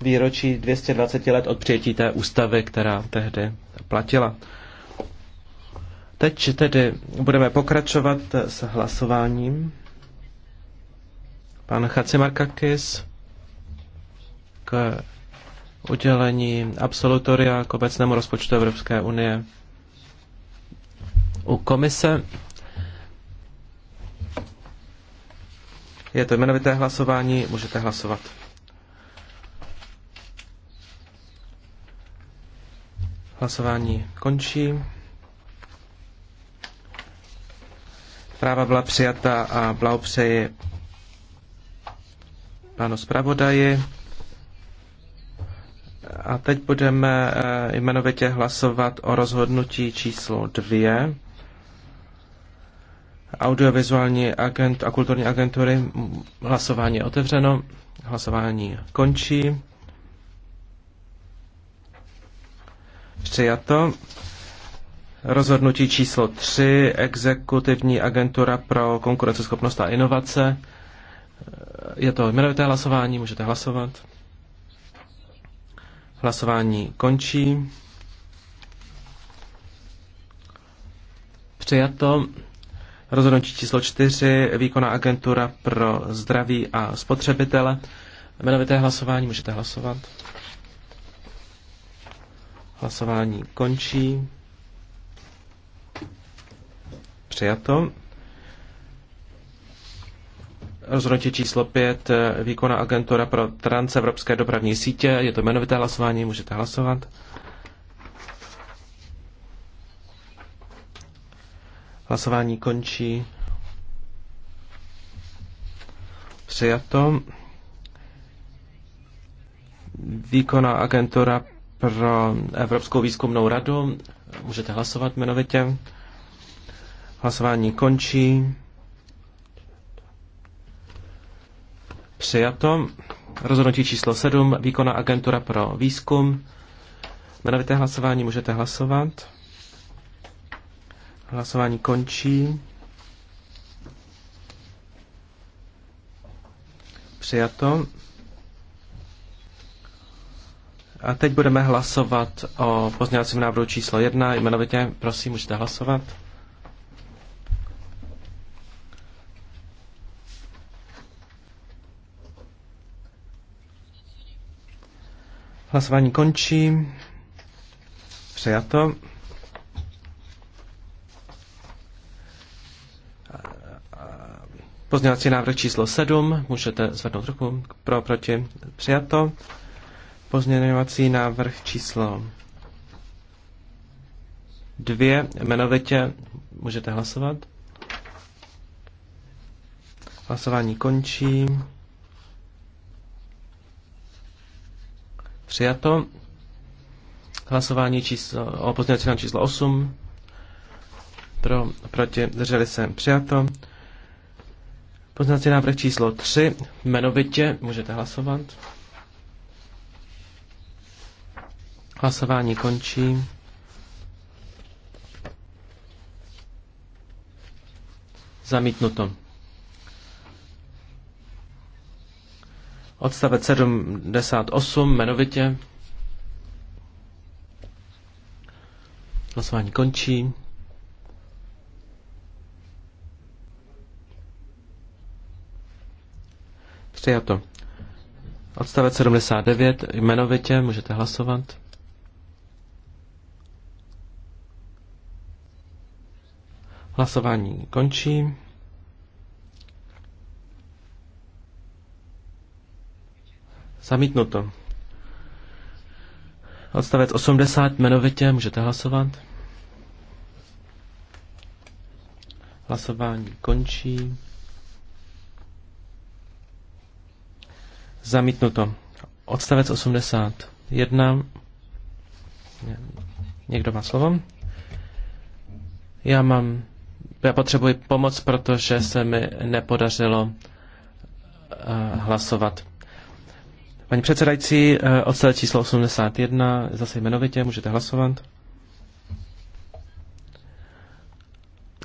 výročí 220 let od přijetí té ústavy, která tehdy platila. Teď tedy budeme pokračovat s hlasováním. Pan Chacimarkakis k udělení absolutoria k obecnému rozpočtu Evropské unie. U komise je to jmenovité hlasování, můžete hlasovat. Hlasování končí. Práva byla přijata a blahopřeji panu zpravodaji. A teď budeme eh, jmenovitě hlasovat o rozhodnutí číslo dvě. Audiovizuální agent a kulturní agentury. Hlasování otevřeno, hlasování končí. Přijato. Rozhodnutí číslo 3, Exekutivní agentura pro konkurenceschopnost a inovace. Je to jmenovité hlasování, můžete hlasovat. Hlasování končí. Přijato. Rozhodnutí číslo 4, Výkonná agentura pro zdraví a spotřebitele. Jmenovité hlasování, můžete hlasovat. Hlasování končí. Přijato. Rozhodnutí číslo 5, výkona agentura pro transevropské dopravní sítě. Je to jmenovité hlasování, můžete hlasovat. Hlasování končí. Přijato. Výkona agentura pro Evropskou výzkumnou radu. Můžete hlasovat jmenovitě. Hlasování končí. Přijato. Rozhodnutí číslo 7. Výkona agentura pro výzkum. Jmenovité hlasování můžete hlasovat. Hlasování končí. Přijato. A teď budeme hlasovat o pozměňovacím návrhu číslo 1. Jmenovitě, prosím, můžete hlasovat. Hlasování končí. Přijato. Pozměňovací návrh číslo 7. Můžete zvednout ruku pro, proti. Přijato. Pozměňovací návrh číslo dvě, jmenovitě můžete hlasovat. Hlasování končí. Přijato. Hlasování číslo, o návrh číslo 8. Pro, proti, drželi se přijato. Pozměňovací návrh číslo 3. Jmenovitě můžete hlasovat. Hlasování končí. Zamítnuto. Odstavec 78 jmenovitě. Hlasování končí. Přijato. Odstavec 79 jmenovitě můžete hlasovat. Hlasování končí. Zamítnuto. Odstavec 80 jmenovitě, můžete hlasovat. Hlasování končí. Zamítnuto. Odstavec 81. Někdo má slovo? Já mám já potřebuji pomoc, protože se mi nepodařilo eh, hlasovat. Paní předsedající, eh, odstavec číslo 81, zase jmenovitě, můžete hlasovat.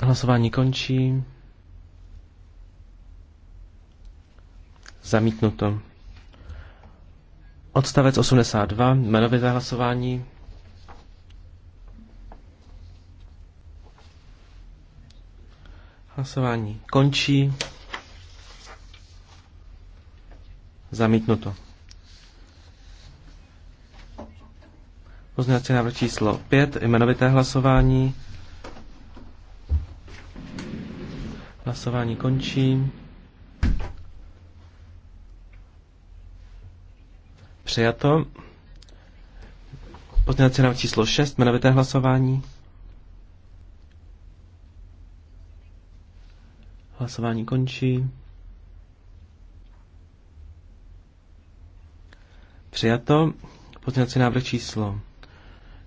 Hlasování končí. Zamítnuto. Odstavec 82, jmenovité hlasování. Hlasování končí. Zamítnuto. Pozměňovací návrh číslo 5, jmenovité hlasování. Hlasování končí. Přijato. Pozměňovací návrh číslo 6, jmenovité hlasování. Hlasování končí. Přijato. Pozměňovací návrh číslo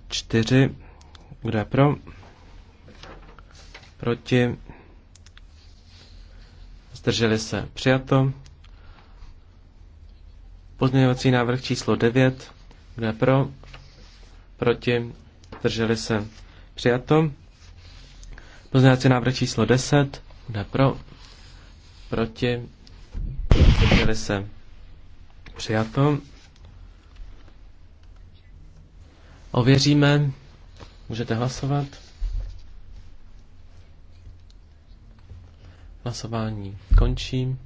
4. Kdo je pro? Proti? Zdrželi se. Přijato. Pozměňovací návrh číslo 9. Kdo je pro? Proti? Zdrželi se. Přijato. Pozměňovací návrh číslo 10. Kdo pro? Proti? Zdrželi se? Přijato. Ověříme. Můžete hlasovat. Hlasování končím.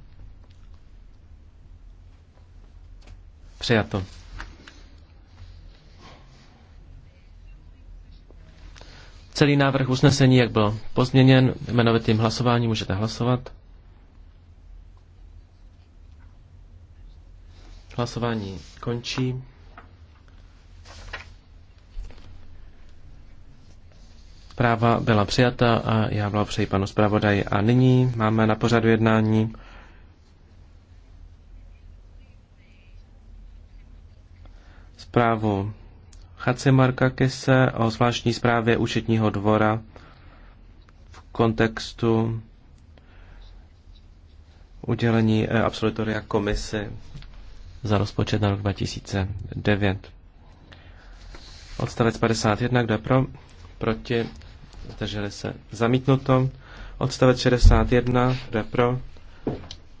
Přijato. Celý návrh usnesení, jak byl pozměněn, jmenovitým hlasováním můžete hlasovat. Hlasování končí. Práva byla přijata a já blahopřeji panu zpravodaji. A nyní máme na pořadu jednání zprávu Marka Kese o zvláštní zprávě účetního dvora v kontextu udělení eh, absolutoria komisy za rozpočet na rok 2009. Odstavec 51, kdo pro? Proti? Zdrželi se. Zamítnuto. Odstavec 61, kdo pro?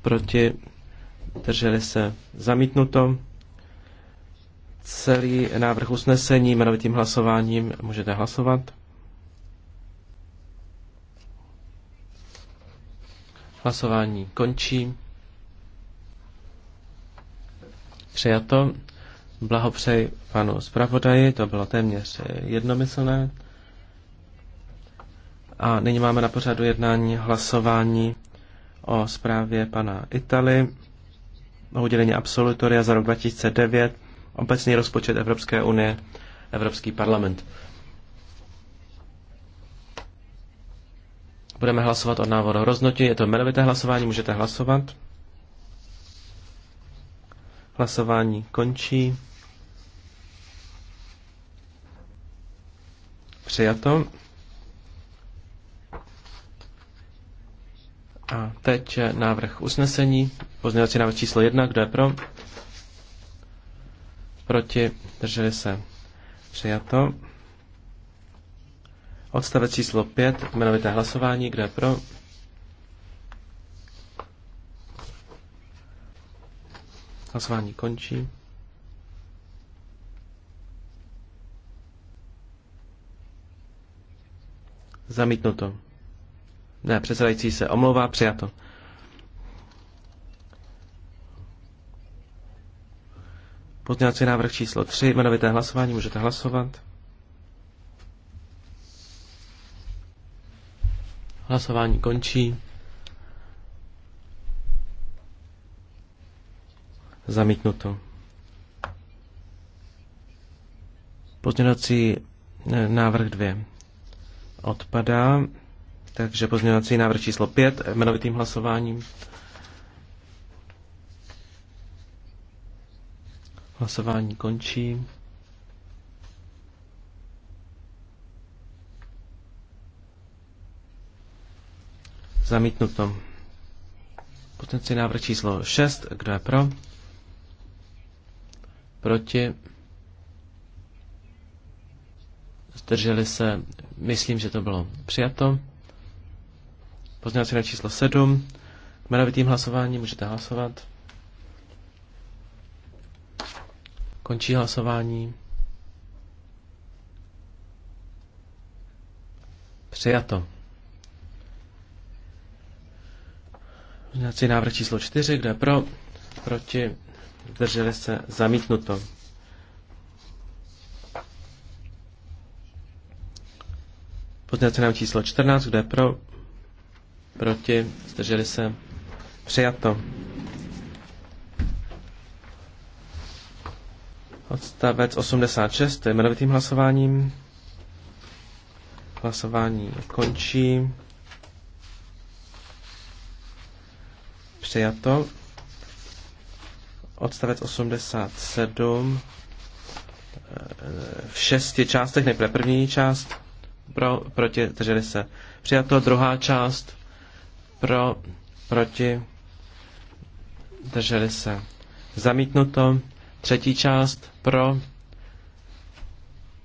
Proti? Drželi se. Zamítnuto celý návrh usnesení jmenovitým hlasováním. Můžete hlasovat. Hlasování končí. Přijato. Blahopřeji panu zpravodaji, to bylo téměř jednomyslné. A nyní máme na pořadu jednání hlasování o zprávě pana Italy o udělení absolutoria za rok 2009 obecný rozpočet Evropské unie, Evropský parlament. Budeme hlasovat o návodu roznotí. Je to jmenovité hlasování, můžete hlasovat. Hlasování končí. Přijato. A teď návrh usnesení. Pozměňovací návrh číslo 1. Kdo je pro? proti, drželi se, přijato. Odstavec číslo 5, jmenovité hlasování, kde pro, Hlasování končí. Zamítnuto. Ne, předsedající se omlouvá, přijato. Pozměňovací návrh číslo 3, jmenovité hlasování, můžete hlasovat. Hlasování končí. Zamítnuto. Pozměňovací eh, návrh 2 odpadá, takže pozměňovací návrh číslo 5 jmenovitým hlasováním. Hlasování končí. Zamítnuto. Potenciální návrh číslo 6. Kdo je pro? Proti? Zdrželi se. Myslím, že to bylo přijato. Pozměňovací číslo 7. Jmenovitým hlasováním můžete hlasovat. Končí hlasování. Přijato. Pozměňovací návrh číslo 4, kde pro, proti, zdrželi se, zamítnuto. Pozměňovací návrh číslo 14, kde pro, proti, zdrželi se, přijato. Odstavec 86 jmenovitým hlasováním. Hlasování končí. Přijato. Odstavec 87 v šesti částech, nejprve první část pro, proti, drželi se přijato, druhá část pro, proti, drželi se zamítnuto. Třetí část pro,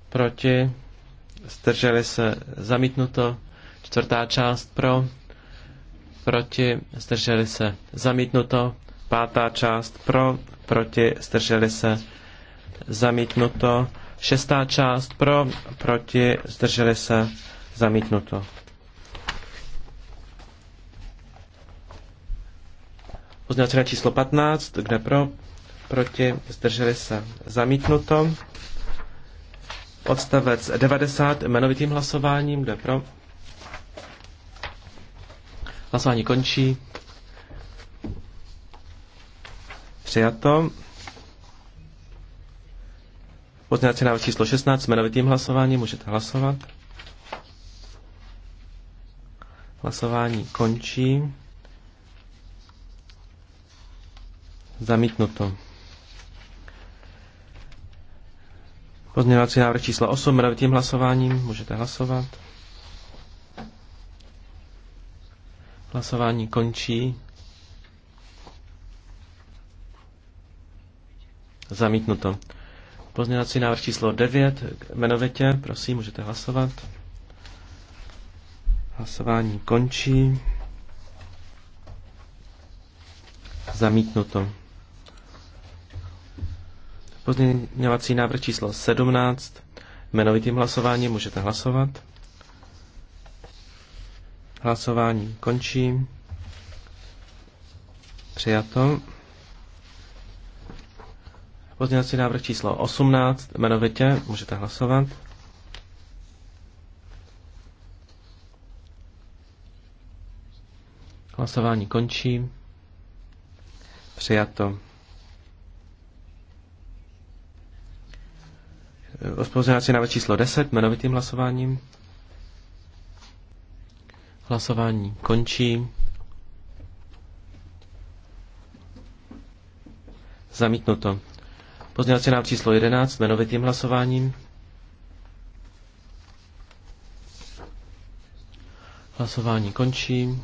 proti, zdrželi se zamítnuto. Čtvrtá část pro, proti, zdrželi se zamítnuto. Pátá část pro, proti, zdrželi se zamítnuto. Šestá část pro, proti, zdrželi se zamítnuto. Pozměňovací číslo 15, kde pro, proti, zdrželi se zamítnuto. Odstavec 90 jmenovitým hlasováním, kde pro. Hlasování končí. Přijato. Pozměňovací návrh číslo 16 jmenovitým hlasováním můžete hlasovat. Hlasování končí. Zamítnuto. Pozměňovací návrh číslo 8, tím hlasováním můžete hlasovat. Hlasování končí. Zamítnuto. Pozměňovací návrh číslo 9, jmenovitě, prosím, můžete hlasovat. Hlasování končí. Zamítnuto. Pozměňovací návrh číslo 17. Jmenovitým hlasováním můžete hlasovat. Hlasování končí. Přijato. Pozměňovací návrh číslo 18. Jmenovitě můžete hlasovat. Hlasování končí. Přijato. Pozměňovací návrh číslo 10, jmenovitým hlasováním. Hlasování končí. Zamítnuto. Pozměňovací návrh číslo 11, jmenovitým hlasováním. Hlasování končí.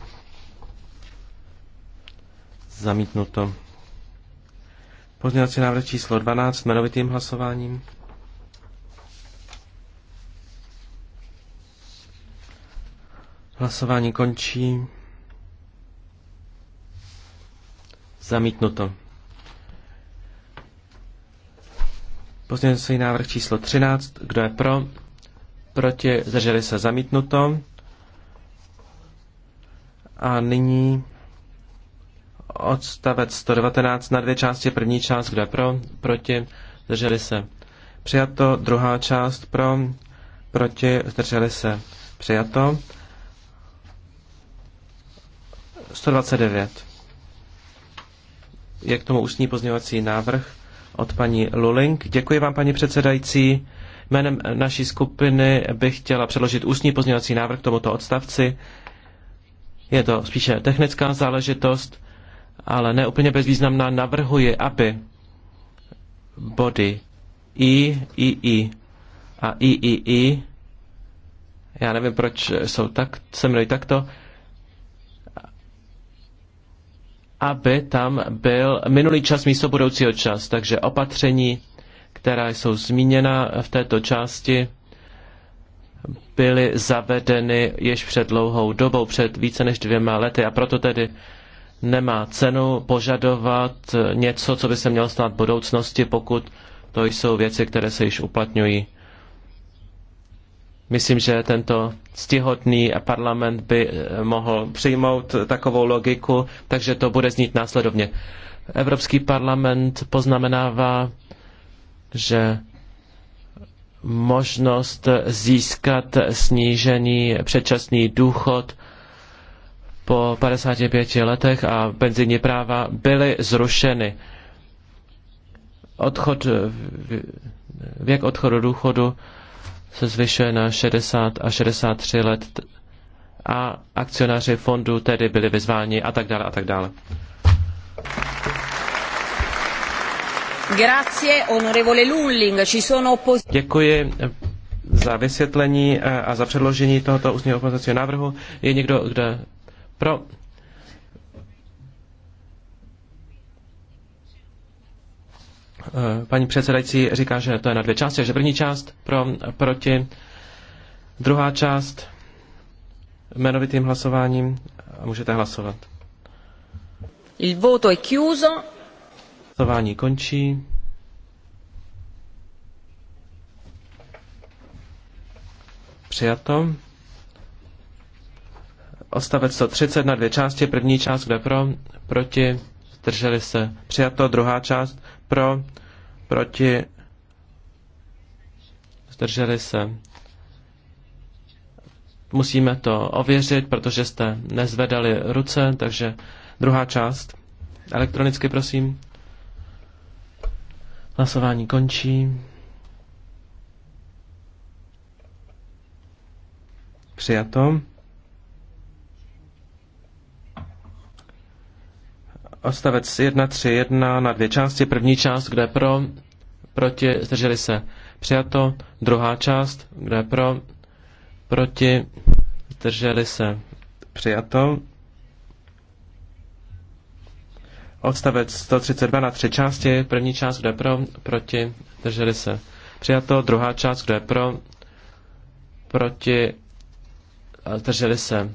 Zamítnuto. Pozměňovací návrh číslo 12, jmenovitým hlasováním. Hlasování končí. Zamítnuto. Pozměňovací návrh číslo 13. Kdo je pro? Proti? Zdrželi se? Zamítnuto. A nyní odstavec 119 na dvě části. První část, kdo je pro? Proti? Zdrželi se? Přijato. Druhá část pro? Proti? Zdrželi se? Přijato. 129. Je k tomu ústní pozměňovací návrh od paní Luling. Děkuji vám, paní předsedající. Jménem naší skupiny bych chtěla předložit ústní pozměňovací návrh k tomuto odstavci. Je to spíše technická záležitost, ale ne úplně bezvýznamná. Navrhuji, aby body I, I, I a I, I, I, já nevím, proč jsou tak, se takto, aby tam byl minulý čas místo budoucího čas. Takže opatření, která jsou zmíněna v této části, byly zavedeny již před dlouhou dobou, před více než dvěma lety a proto tedy nemá cenu požadovat něco, co by se mělo stát v budoucnosti, pokud to jsou věci, které se již uplatňují Myslím, že tento stihodný parlament by eh, mohl přijmout takovou logiku, takže to bude znít následovně. Evropský parlament poznamenává, že možnost získat snížený předčasný důchod po 55 letech a penzijní práva byly zrušeny. Odchod, věk odchodu důchodu se zvyšuje na 60 a 63 let a akcionáři fondu tedy byli vyzváni a tak dále a tak dále. Grazie, onorevole Lulling. Ci sono Děkuji za vysvětlení a za předložení tohoto ústního pozměňovacího návrhu. Je někdo, kdo pro? Eh, paní předsedající říká, že to je na dvě části, že první část pro, proti, druhá část jmenovitým hlasováním a můžete hlasovat. Il voto è chiuso. Hlasování končí. Přijato. Ostavec 130 na dvě části. První část, kde pro, proti, zdrželi se. Přijato druhá část pro, proti, zdrželi se. Musíme to ověřit, protože jste nezvedali ruce, takže druhá část. Elektronicky prosím. Hlasování končí. Přijato. Odstavec 1.3.1 na dvě části. První část, kde pro, proti, zdrželi se, přijato. Druhá část, kde pro, proti, zdrželi se, přijato. Odstavec 132 na tři části. První část, kde pro, proti, zdrželi se, přijato. Druhá část, kde pro, proti, zdrželi se,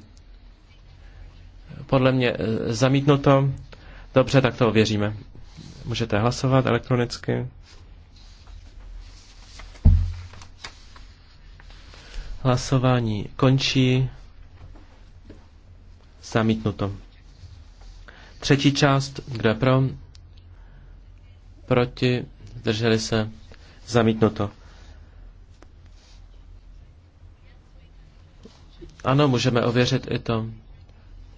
podle mě e, zamítnuto. Dobře, tak to ověříme. Můžete hlasovat elektronicky. Hlasování končí. Zamítnuto. Třetí část, kde pro? Proti, zdrželi se, zamítnuto. Ano, můžeme ověřit i to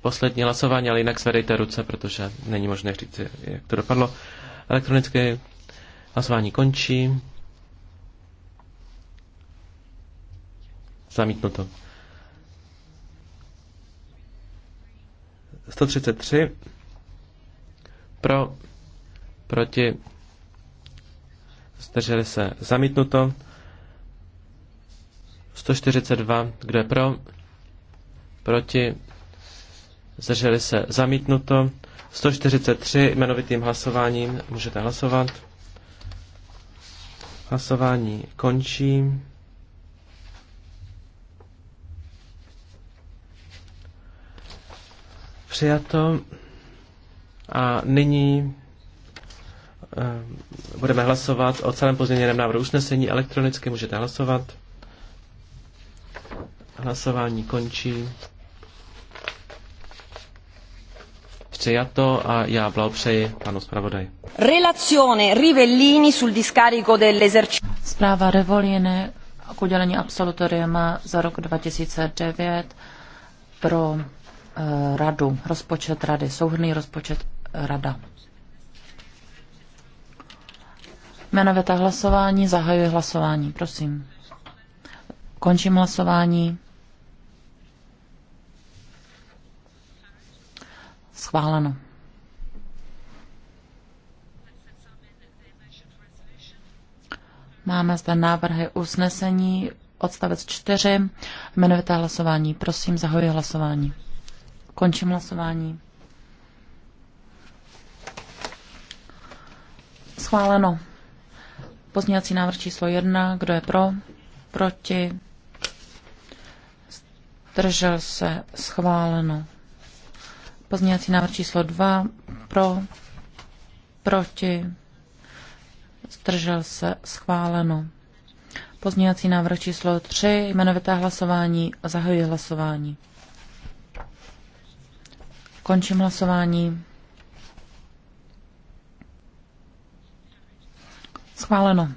poslední hlasování, ale jinak zvedejte ruce, protože není možné říct, jak to dopadlo. Elektronické hlasování končí. Zamítnuto. 133 pro, proti, zdrželi se zamítnuto. 142, kdo je pro, proti, zdrželi se zamítnuto. 143 jmenovitým hlasováním můžete hlasovat. Hlasování končí. Přijato. A nyní eh, budeme hlasovat o celém pozměněném návrhu usnesení. Elektronicky můžete hlasovat. Hlasování končí. přijato a já blahopřeji panu zpravodaji. Relazione Rivellini sul discarico dell'esercito. Zpráva Revoliny k udělení absolutoriuma za rok 2009 pro e, radu, rozpočet rady, souhrný rozpočet eh, rada. Jmenovité hlasování, zahajuji hlasování, prosím. Končím hlasování. Schváleno. Máme zde návrhy usnesení, odstavec 4, jmenovité hlasování. Prosím, zahoji hlasování. Končím hlasování. Schváleno. Pozměňovací návrh číslo 1. Kdo je pro? Proti? Držel se. Schváleno. Pozměňovací návrh číslo 2 pro, proti, zdržel se, schváleno. Pozměňovací návrh číslo 3, jmenovité hlasování, zahajuji hlasování. Končím hlasování. Schváleno.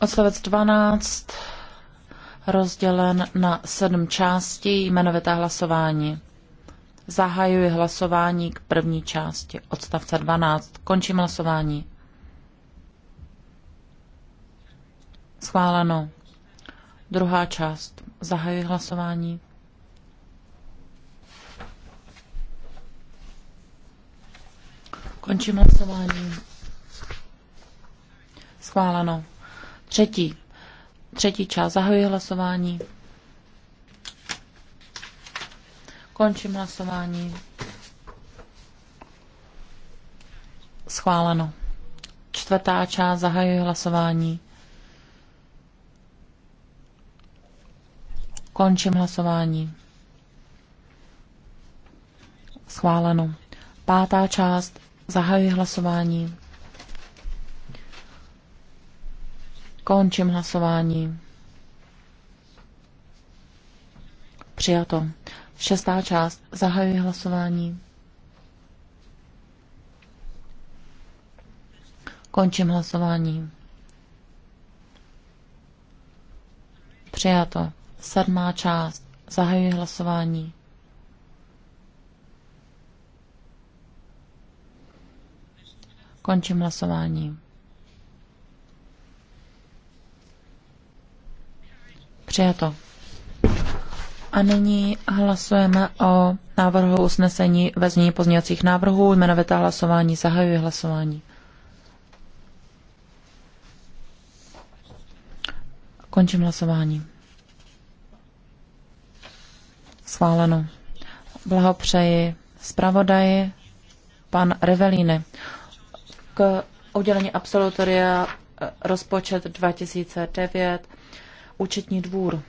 Odstavec 12 rozdělen na sedm částí jmenovité hlasování. Zahajuji hlasování k první části odstavce 12. Končím hlasování. Schváleno. Druhá část. Zahajuji hlasování. Končím hlasování. Schváleno. Třetí. Třetí část. Zahajuji hlasování. Končím hlasování. Schváleno. Čtvrtá část zahajuje hlasování. Končím hlasování. Schváleno. Pátá část zahajuje hlasování. Končím hlasování. Přijato. Šestá část. Zahajuji hlasování. Končím hlasování. Přijato. Sedmá část. Zahajuji hlasování. Končím hlasování. Přijato. A nyní hlasujeme o návrhu usnesení ve znění pozměňovacích návrhů. Jmenovité hlasování. zahajuje hlasování. Končím hlasování. Schváleno. Blahopřeji zpravodaji pan Revelíny k udělení absolutoria eh, rozpočet 2009 účetní dvůr.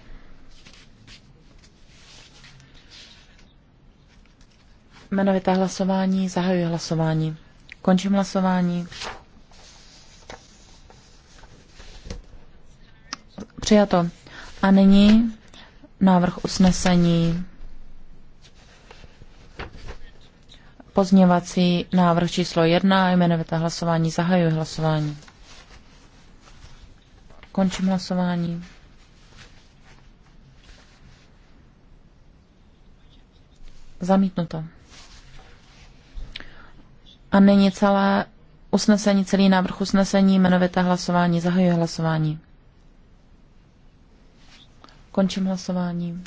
Jmenovité hlasování, zahajuji hlasování. Končím hlasování. Přijato. A nyní návrh usnesení. Pozněvací návrh číslo 1, jmenovité hlasování, zahajuji hlasování. Končím hlasování. Zamítnuto. A nyní celé usnesení, celý návrh usnesení, jmenovité hlasování, zahajuje hlasování. Končím hlasování.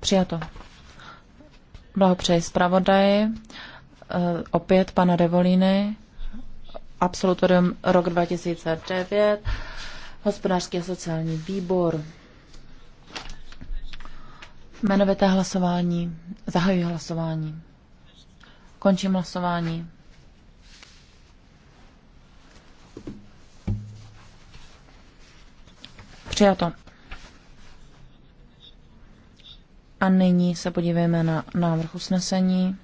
Přijato. Blahopřeji zpravodaji, eh, opět pana Devolíny, absolutorium rok 2009, hospodářský a sociální výbor. Jmenovité hlasování. Zahajuji hlasování. Končím hlasování. Přijato. A nyní se podívejme na návrh usnesení.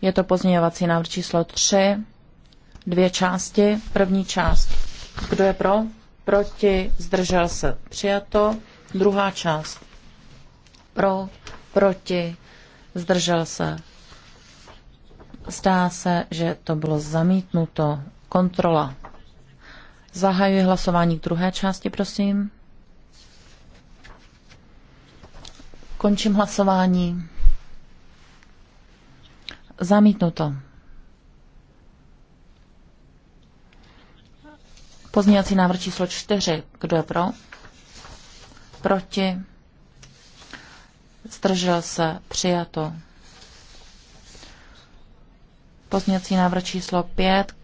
Je to pozměňovací návrh číslo 3, dvě části. První část, kdo je pro, proti, zdržel se, přijato. Druhá část, pro, proti, zdržel se. Zdá se, že to bylo zamítnuto. Kontrola. Zahajuji hlasování k druhé části, prosím. Končím hlasování. Zamítnuto. Pozměňovací návrh číslo 4. Kdo je pro? Proti? zdržel se, přijato. Pozměňovací návrh číslo 5,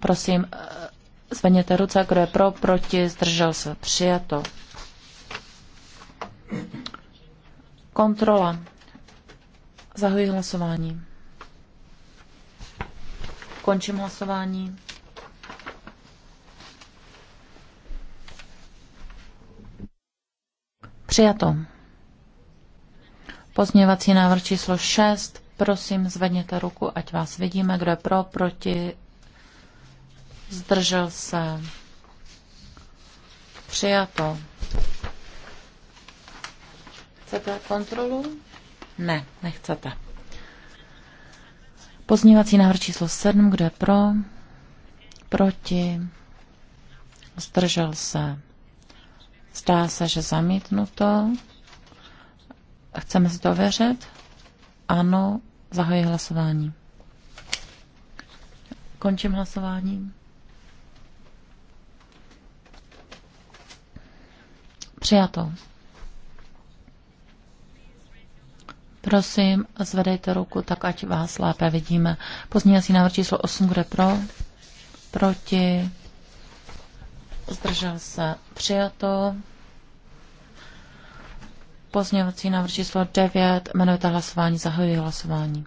prosím, eh, zvedněte ruce, kdo je pro, proti, zdržel se, přijato. Kontrola. Zahuji hlasování. Končím hlasování. Přijato. Pozměvací návrh číslo 6. Prosím, zvedněte ruku, ať vás vidíme. Kdo je pro, proti? Zdržel se. Přijato. Chcete kontrolu? Ne, nechcete. Pozměvací návrh číslo 7. Kdo je pro? Proti? Zdržel se. Zdá se, že zamítnuto. Chceme si to ověřit? Ano, zahajuji hlasování. Končím hlasování. Přijato. Prosím, zvedejte ruku, tak ať vás lépe vidíme. Pozměňovací návrh číslo 8, kde pro? Proti? Zdržel se. Přijato. Pozměňovací návrh číslo 9, jmenujete hlasování, zahajuji hlasování.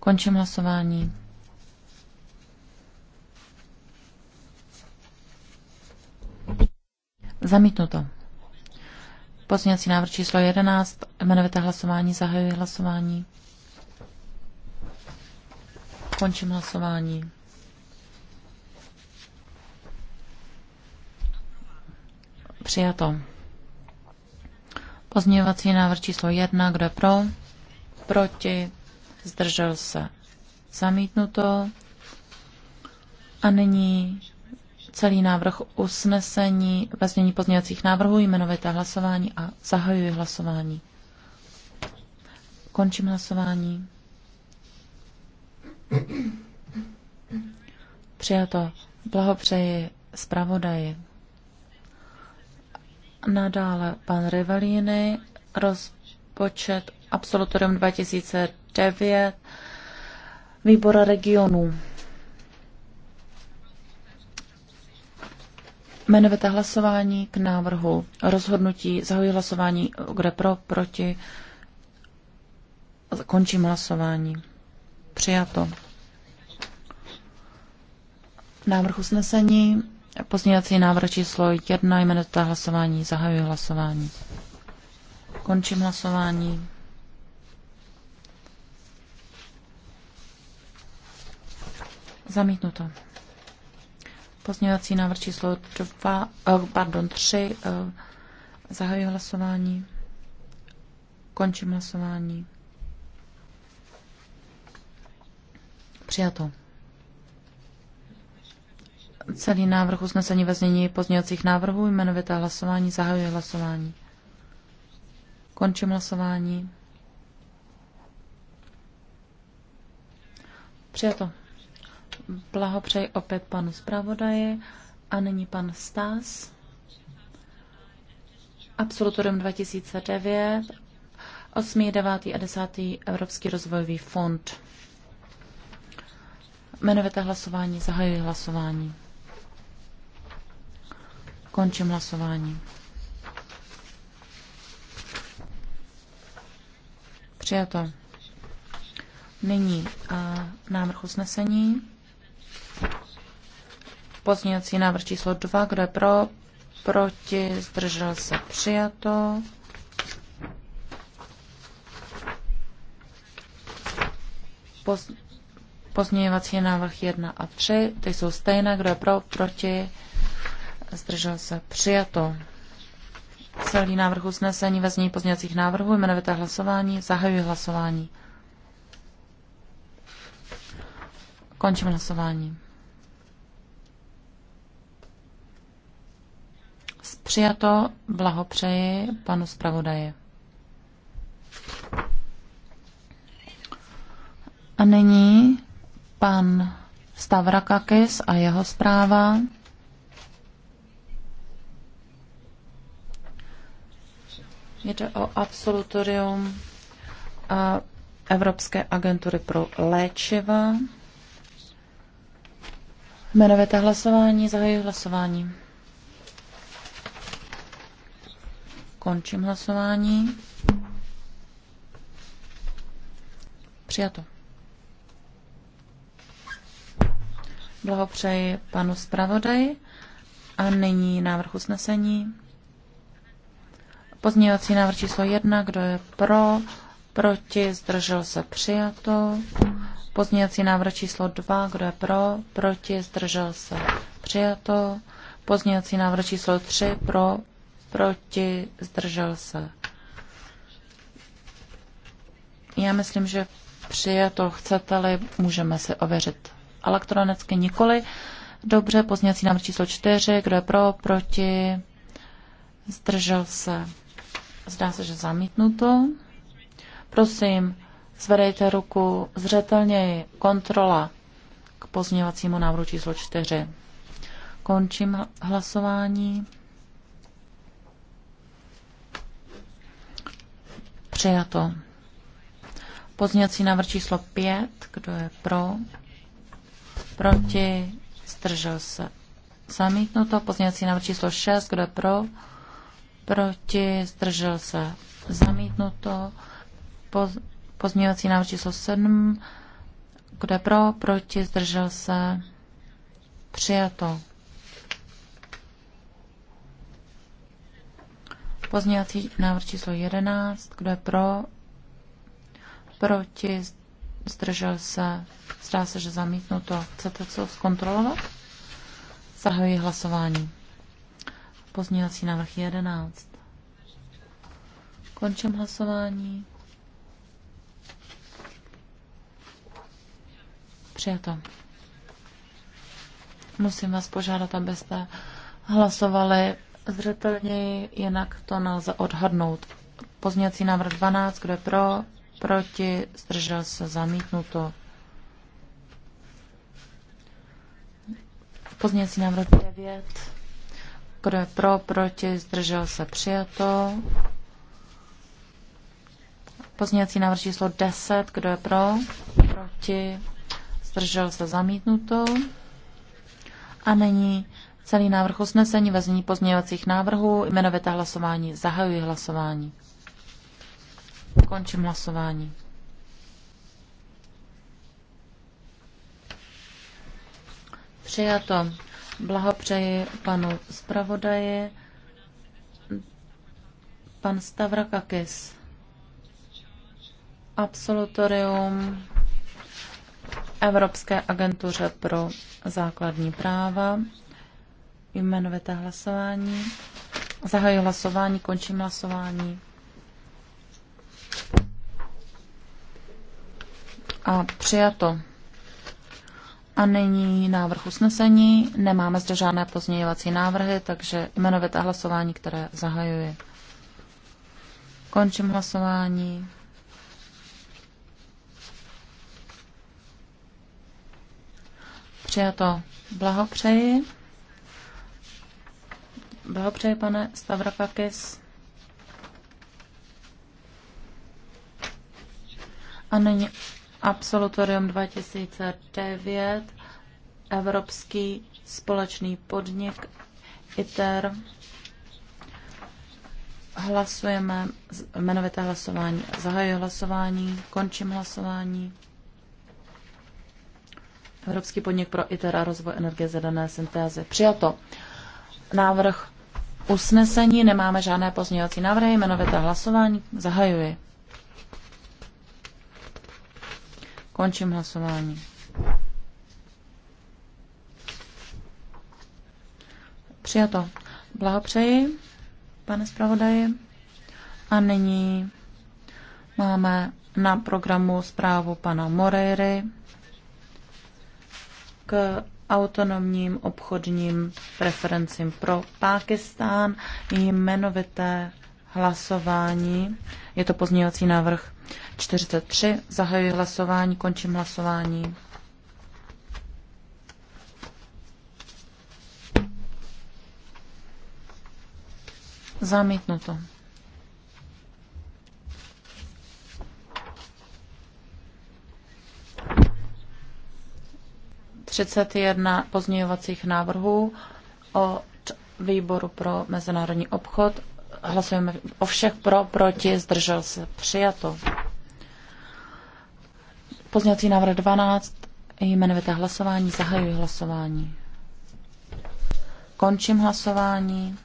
Končím hlasování. Zamítnuto. Pozměňovací návrh číslo 11, jmenujete hlasování, zahajuji hlasování. Končím hlasování. Přijato. Pozměňovací návrh číslo 1, kdo je pro? Proti? Zdržel se? Zamítnuto. A nyní celý návrh usnesení ve změní pozměňovacích návrhů, jmenovité hlasování a zahajuji hlasování. Končím hlasování. Přijato. Blahopřeji zpravodaji. Nadále pan Rivalini, rozpočet absolutorium 2009, výbor regionů. Jmenujete hlasování k návrhu rozhodnutí, zahojí hlasování, kde pro, proti, končím hlasování. Přijato. Návrh usnesení Pozměňovací návrh číslo 1, jmenovité hlasování, zahajuji hlasování. Končím hlasování. Zamítnuto. Pozměňovací návrh číslo 2, oh, eh, pardon, 3, oh, eh, zahajuji hlasování. Končím hlasování. Přijato celý návrh usnesení ve znění pozměňovacích návrhů, jmenovité hlasování, zahajuji hlasování. Končím hlasování. Přijato. Blahopřeji opět panu zpravodaji a nyní pan Stas. Absolutorem 2009, 8., 9. a 10. Evropský rozvojový fond. Jmenovité hlasování, zahajuji hlasování. Končím hlasování. Přijato. Nyní a návrh usnesení. Pozměňovací návrh číslo 2. Kdo je pro? Proti? Zdržel se? Přijato. Poz, pozměňovací návrh 1 a 3. Ty jsou stejné. Kdo je pro? Proti? zdržel se, přijato. Celý návrh usnesení ve znění pozměňovacích návrhů, jmenovité hlasování, zahajuji hlasování. Končím hlasování. Přijato, blahopřeji panu zpravodaji. A nyní pan Stavrakakis a jeho zpráva. Jde o absolutorium Evropské agentury pro léčiva. Jmenovité hlasování, zahajuji hlasování. Končím hlasování. Přijato. Blahopřeji panu zpravodaji a nyní návrh usnesení. Pozměňovací návrh číslo 1, kdo je pro, proti, zdržel se přijato. Pozměňovací návrh číslo 2, kdo je pro, proti, zdržel se přijato. Pozměňovací návrh číslo 3, pro, proti, zdržel se. Já myslím, že přijato chcete-li, můžeme si ověřit elektronicky nikoli. Dobře, pozměňovací návrh číslo 4, kdo je pro, proti, zdržel se. Zdá se, že zamítnuto. Prosím, zvedejte ruku zřetelněji. Kontrola k pozměvacímu návrhu číslo 4. Končím hlasování. Přijato. Pozměňovací návrh číslo 5. Kdo je pro? Proti? Zdržel se. Zamítnuto. Pozměňovací návrh číslo 6. Kdo je pro? proti, zdržel se zamítnuto. Poz, pozměňovací návrh číslo 7, Kde pro, proti, zdržel se přijato. Pozměňovací návrh číslo 11, kdo je pro, proti, zdržel se, zdá se, že zamítnuto. Chcete to zkontrolovat? Zahajuji hlasování. Pozměňovací návrh 11. Končím hlasování. Přijato. Musím vás požádat, abyste hlasovali zřetelněji, jinak to nelze odhadnout. Pozměňovací návrh 12, kdo je pro, proti, zdržel se, zamítnuto. Pozměňovací návrh 9. Kdo je pro, proti, zdržel se, přijato. Pozměňovací návrh číslo 10. Kdo je pro, proti, zdržel se, zamítnuto. A nyní celý návrh usnesení ve znění pozměňovacích návrhů. Jmenovité hlasování. Zahajuji hlasování. Končím hlasování. Přijato. Blahopřeji panu zpravodaji. Pan Stavrakakis. Absolutorium Evropské agentuře pro základní práva. Jmenovité hlasování. Zahajuji hlasování, končím hlasování. A přijato. A nyní návrh usnesení. Nemáme zde žádné pozměňovací návrhy, takže jmenovité hlasování, které zahajuje. Končím hlasování. Přijato. Blahopřeji. Blahopřeji, pane Stavrakakis. A nyní Absolutorium 2009, Evropský společný podnik ITER. Hlasujeme, jmenovité hlasování. Zahajuji hlasování, končím hlasování. Evropský podnik pro ITER a rozvoj energie zelené syntézy. Přijato. Návrh usnesení, nemáme žádné pozměňovací návrhy, jmenovité hlasování. Zahajuji. Končím hlasování. Přijato. Blahopřeji, pane zpravodaji. A nyní máme na programu zprávu pana Moreiry k autonomním obchodním preferencím pro Pákistán jmenovité hlasování. Je to pozdějovací návrh 43. Zahajuji hlasování, končím hlasování. Zamítnuto. Třicet jedna pozměňovacích návrhů od výboru pro mezinárodní obchod. Hlasujeme o všech pro, proti, zdržel se, přijato. Pozněcí návrh 12, jmenovité hlasování, zahajuji hlasování. Končím hlasování.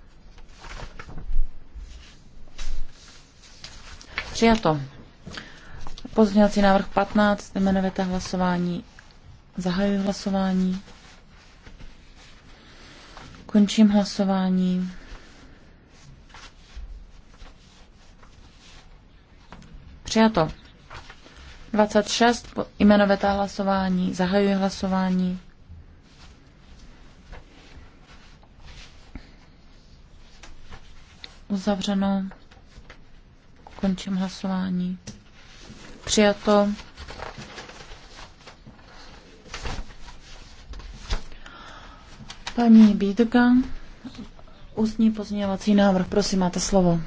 Přijato. Pozměňovací návrh 15, jmenovité hlasování. Zahajuji hlasování. Končím hlasování. Přijato. 26, jmenovité hlasování, zahajuji hlasování. Uzavřeno. Končím hlasování. Přijato. Paní Bídka, ústní pozměňovací návrh, prosím, máte slovo.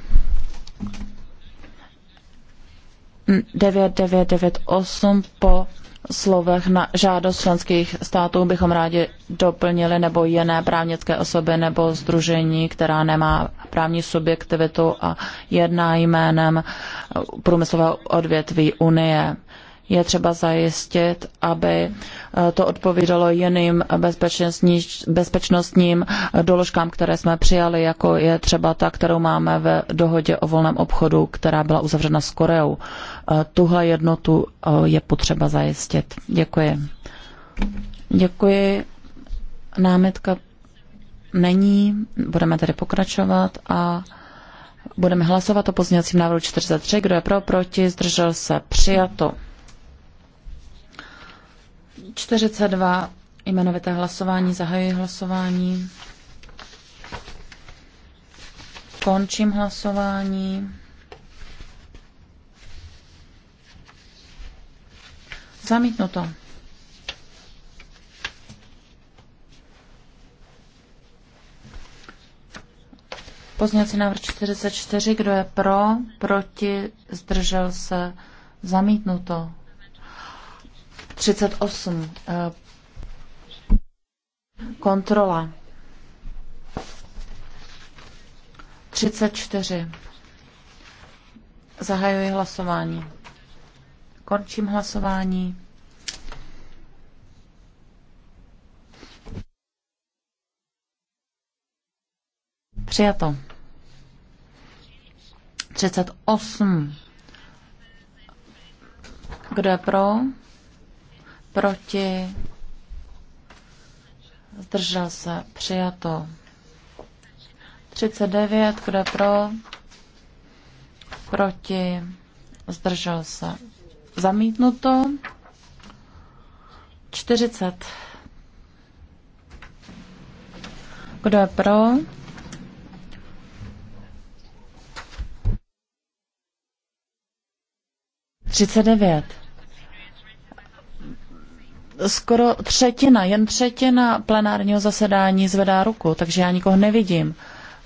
9998 po slovech na žádost členských států bychom rádi doplnili nebo jiné právnické osoby nebo združení, která nemá právní subjektivitu a jedná jménem průmyslového odvětví Unie je třeba zajistit, aby eh, to odpovídalo jiným bezpečnostní, bezpečnostním eh, doložkám, které jsme přijali, jako je třeba ta, kterou máme ve dohodě o volném obchodu, která byla uzavřena s Koreou. Eh, tuhle jednotu je potřeba zajistit. Děkuji. Děkuji. Námitka není, budeme tedy pokračovat a budeme hlasovat o pozměňovacím návrhu 43. Kdo je pro, proti, zdržel se, přijato. 42 jmenovité hlasování, zahajuji hlasování. Končím hlasování. Zamítnuto. Pozměňovací návrh 44, kdo je pro, proti, zdržel se, zamítnuto. 38. Eh, kontrola. 34. Zahajuji hlasování. Končím hlasování. Přijato. 38. Kdo je pro? proti, zdržel se, přijato. 39, kdo pro, proti, zdržel se, zamítnuto. 40. Kdo je pro? Třicet devět skoro třetina, jen třetina plenárního zasedání zvedá ruku, takže já nikoho nevidím.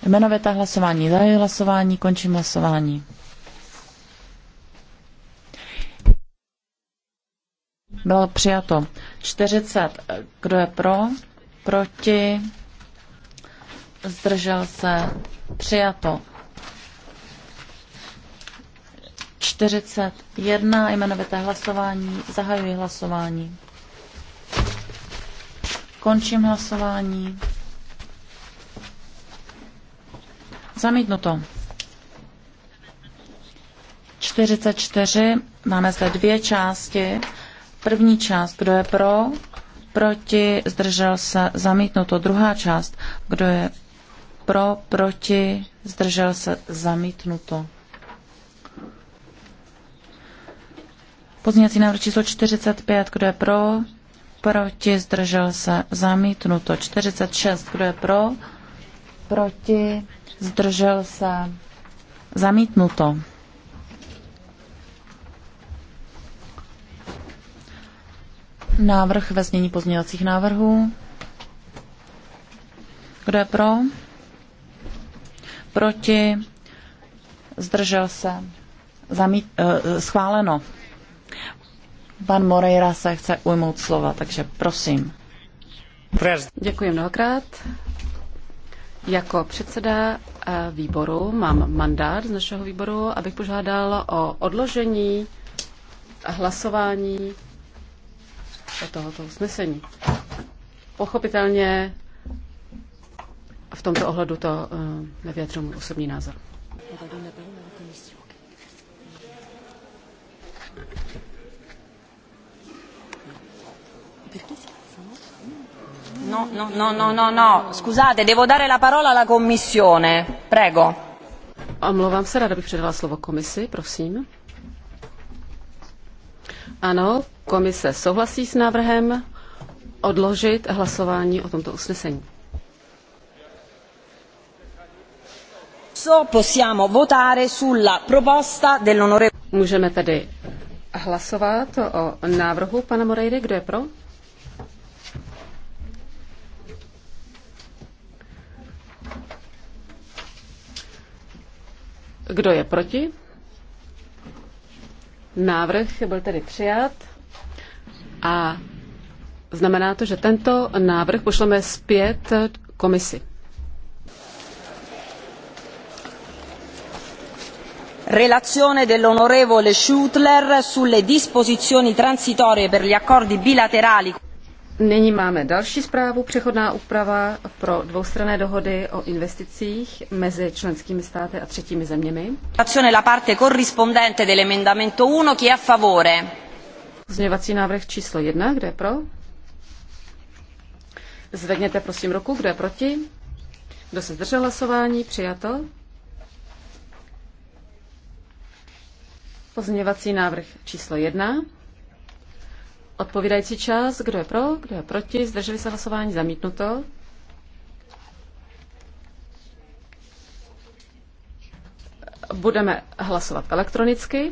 Jmenovitá hlasování, zahajuji hlasování, končím hlasování. Bylo přijato 40. Kdo je pro? Proti? Zdržel se? Přijato. 41. Jmenovité hlasování. Zahajuji hlasování. Končím hlasování. Zamítnuto. 44. Máme zde dvě části. První část, kdo je pro, proti, zdržel se, zamítnuto. Druhá část, kdo je pro, proti, zdržel se, zamítnuto. Pozměňovací návrh číslo 45, kdo je pro, proti, zdržel se, zamítnuto. 46, kdo je pro, proti, zdržel se, zamítnuto. Návrh ve znění pozměňovacích návrhů. Kdo je pro? Proti? Zdržel se? Zamít, eh, schváleno. Pan Moreira se chce ujmout slova, takže prosím. Děkuji mnohokrát. Jako předseda eh, výboru mám mandát z našeho výboru, abych požádal o odložení hlasování o tohoto usnesení. Pochopitelně v tomto ohledu to eh, nevyjadřuje můj osobní názor. No, no, no, no, no, no, scusate, devo dare la parola alla commissione, prego. Omlouvám se, ráda bych předala slovo komisi, prosím. Ano, komise souhlasí s návrhem odložit hlasování o tomto usnesení. possiamo votare sulla proposta dell'onorevole. Můžeme tedy hlasovat o návrhu pana Moreiry. Kdo je pro? Kdo je proti? Návrh byl tedy přijat a znamená to, že tento návrh pošleme zpět komisi. Relazione dell'onorevole Schutler sulle disposizioni transitorie per gli accordi bilaterali. Nyní máme další zprávu, přechodná úprava pro dvoustranné dohody o investicích mezi členskými státy a třetími zeměmi. La parte corrispondente dell'emendamento 1, chi è a favore? Pozměňovací návrh číslo 1, kde je pro? Zvedněte prosím ruku, kdo je proti? Kdo se zdržel hlasování? Přijato. Pozměňovací návrh číslo 1 odpovídající čas. Kdo je pro, kdo je proti, zdrželi se hlasování, zamítnuto. Budeme hlasovat elektronicky.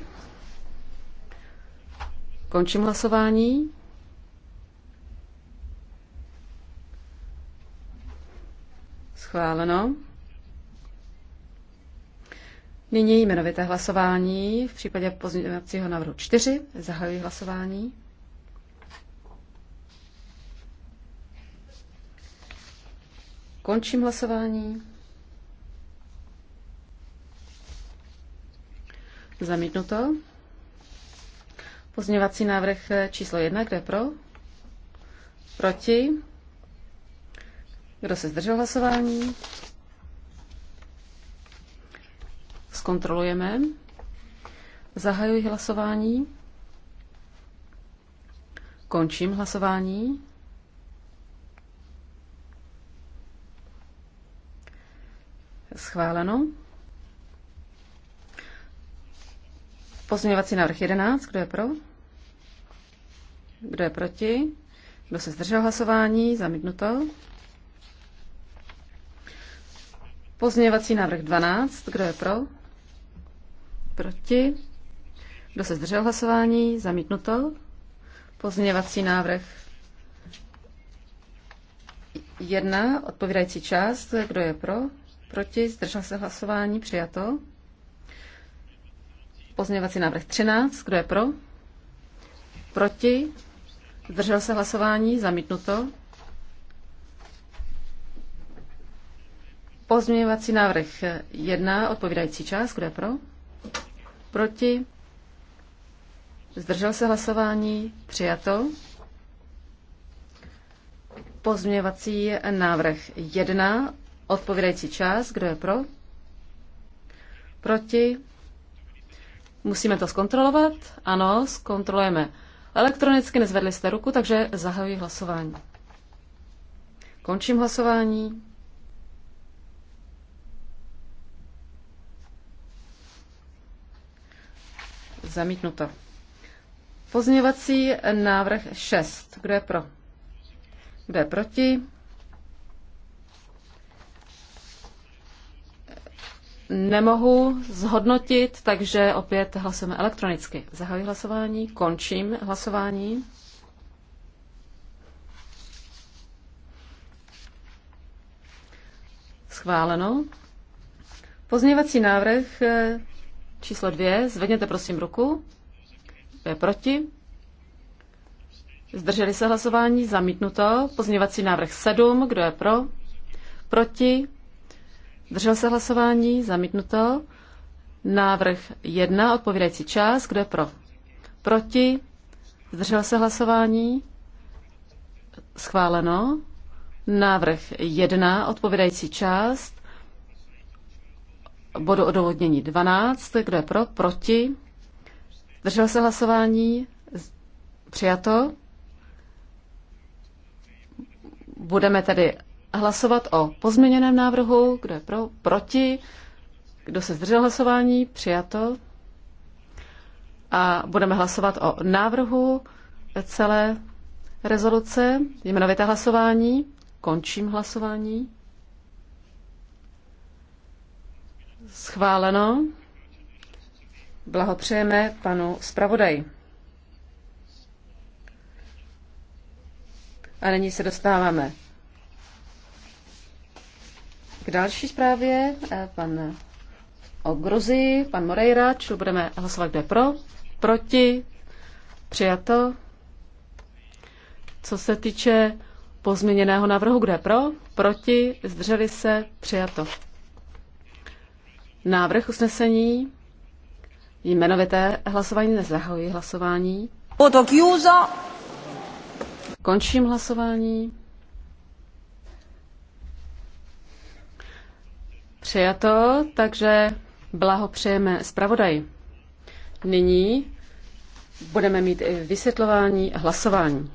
Končím hlasování. Schváleno. Nyní jmenovité hlasování v případě pozměňovacího návrhu 4. Zahajuji hlasování. Končím hlasování. Zamítnuto. Pozměvací návrh číslo 1, kde pro? Proti? Kdo se zdržel hlasování? Zkontrolujeme. Zahajuji hlasování. Končím hlasování. Schváleno. Pozměňovací návrh 11. Kdo je pro? Kdo je proti? Kdo se zdržel hlasování? Zamítnuto. Pozměňovací návrh 12. Kdo je pro? Proti? Kdo se zdržel hlasování? Zamítnuto. Pozměňovací návrh 1. Odpovídající část. Kdo je pro? Proti? Zdržel se hlasování? Přijato. Pozměňovací návrh 13. Kdo je pro? Proti? Zdržel se hlasování? Zamítnuto. Pozměňovací návrh 1, odpovídající část, kdo je pro? Proti? Zdržel se hlasování? Přijato. Pozměňovací návrh 1, odpovídající čas. Kdo je pro? Proti? Musíme to zkontrolovat? Ano, zkontrolujeme. Elektronicky nezvedli jste ruku, takže zahajuji hlasování. Končím hlasování. Zamítnuto. Pozměvací návrh 6. Kdo je pro? Kdo je proti? nemohu zhodnotit, takže opět hlasujeme elektronicky. Zahajuji hlasování, končím hlasování. Schváleno. Pozměňovací návrh eh, číslo dvě. Zvedněte prosím ruku. Je proti. Zdrželi se hlasování. Zamítnuto. Pozměňovací návrh sedm. Kdo je pro? Proti. Držel se hlasování? Zamítnuto. Návrh 1, odpovídající část. Kdo je pro? Proti? Zdržel se hlasování? Schváleno. Návrh 1, odpovídající část. Bodu odůvodnění 12. Kdo je pro? Proti? Zdržel se hlasování? Přijato. Budeme tedy hlasovat o pozměněném návrhu. Kdo je pro? Proti? Kdo se zdržel hlasování? Přijato. A budeme hlasovat o návrhu celé rezoluce. Jmenovité hlasování. Končím hlasování. Schváleno. Blahopřejeme panu zpravodaji. A nyní se dostáváme k další zprávě eh, pan o pan Moreira, čili budeme hlasovat, kdo je pro, proti, přijato. Co se týče pozměněného návrhu, kdo je pro, proti, zdrželi se, přijato. Návrh usnesení jmenovité hlasování nezahojí hlasování. Končím hlasování. Přijato, takže blahopřejeme zpravodaji. Nyní budeme mít i vysvětlování hlasování.